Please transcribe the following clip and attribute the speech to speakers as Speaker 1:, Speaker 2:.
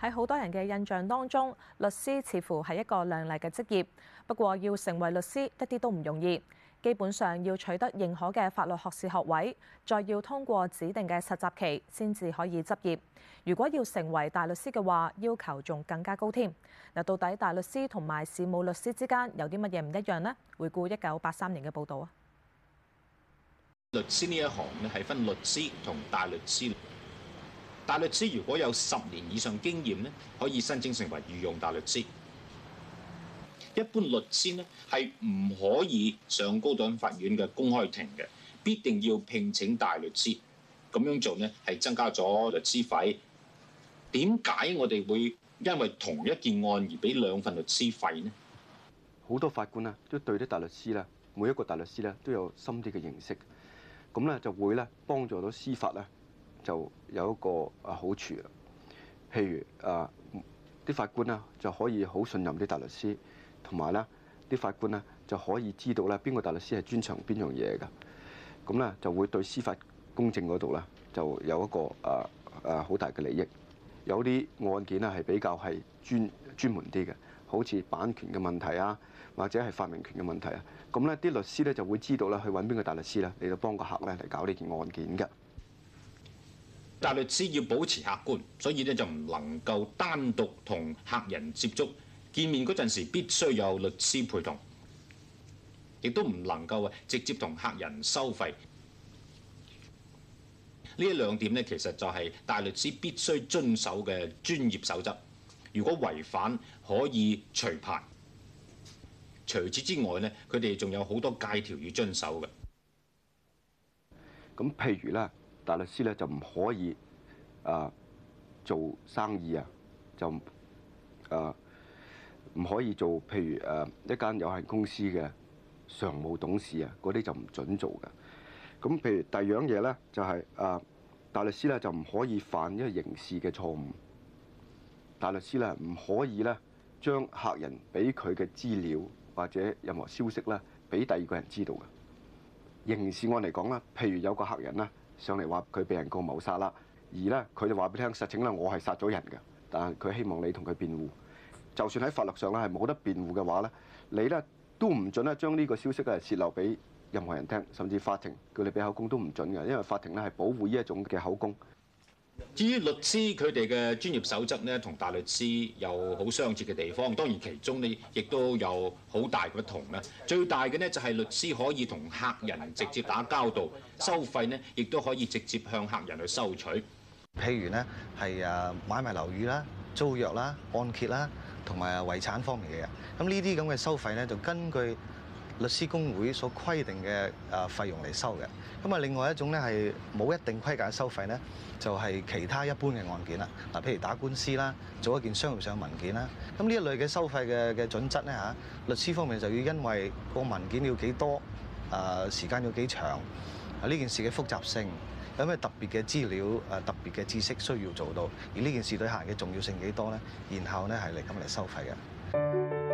Speaker 1: 喺好多人嘅印象當中，律師似乎係一個亮麗嘅職業，不過要成為律師一啲都唔容易，基本上要取得認可嘅法律學士學位，再要通過指定嘅實習期先至可以執業。如果要成為大律師嘅話，要求仲更加高添。嗱，到底大律師同埋事務律師之間有啲乜嘢唔一樣呢？回顧一九八三年嘅報道
Speaker 2: 啊，律師呢一行咧係分律師同大律師。大律師如果有十年以上經驗咧，可以申請成為御用大律師。一般律師咧係唔可以上高等法院嘅公開庭嘅，必定要聘請大律師。咁樣做咧係增加咗律師費。點解我哋會因為同一件案而俾兩份律師費呢？
Speaker 3: 好多法官呀都對啲大律師啦，每一個大律師咧都有深啲嘅認識，咁咧就會咧幫助到司法啦。就有一個啊好處，譬如啊啲法官呢就可以好信任啲大律師，同埋呢啲法官呢就可以知道咧邊個大律師係專長邊樣嘢噶，咁呢就會對司法公正嗰度呢，就有一個啊啊好大嘅利益。有啲案件呢係比較係專專門啲嘅，好似版權嘅問題啊，或者係發明權嘅問題啊，咁呢啲律師呢，就會知道呢去揾邊個大律師呢嚟到幫個客呢，嚟搞呢件案件嘅。
Speaker 2: 大律師要保持客觀，所以咧就唔能夠單獨同客人接觸，見面嗰陣時必須有律師陪同，亦都唔能夠啊直接同客人收費。呢一兩點呢，其實就係大律師必須遵守嘅專業守則。如果違反，可以除牌。除此之外呢，佢哋仲有好多戒條要遵守嘅。
Speaker 3: 咁譬如咧？大律師咧就唔可以啊做生意啊，就啊唔可以做，譬如誒、啊、一間有限公司嘅常務董事啊，嗰啲就唔準做㗎。咁譬如第二樣嘢咧，就係、係、啊大律師咧就唔可以犯一個刑事嘅錯誤。大律師咧唔可以咧將客人俾佢嘅資料或者任何消息咧俾第二個人知道㗎。刑事案嚟講啦，譬如有個客人啦。上嚟話佢被人告謀殺啦，而咧佢就話俾你聽實情啦，我係殺咗人嘅，但係佢希望你同佢辯護，就算喺法律上咧係冇得辯護嘅話咧，你咧都唔准咧將呢個消息啊泄漏俾任何人聽，甚至法庭叫你俾口供都唔准嘅，因為法庭咧係保護呢一種嘅口供。
Speaker 2: 至於律師佢哋嘅專業守則咧，同大律師有好相似嘅地方，當然其中呢，亦都有好大嘅不同啦。最大嘅咧就係律師可以同客人直接打交道，收費呢，亦都可以直接向客人去收取。譬如呢，係啊買
Speaker 4: 賣樓宇啦、租約啦、按揭啦，同埋遺產方面嘅嘢。咁呢啲咁嘅收費咧就根據律師公會所規定嘅誒費用嚟收嘅，咁啊另外一種咧係冇一定規格收費咧，就係其他一般嘅案件啦。嗱，譬如打官司啦，做一件商業上嘅文件啦。咁呢一類嘅收費嘅嘅準則咧嚇，律師方面就要因為個文件要幾多，誒時間要幾長，啊呢件事嘅複雜性，有咩特別嘅資料誒特別嘅知識需要做到，而呢件事對客人嘅重要性幾多咧，然後咧係嚟咁嚟收費嘅。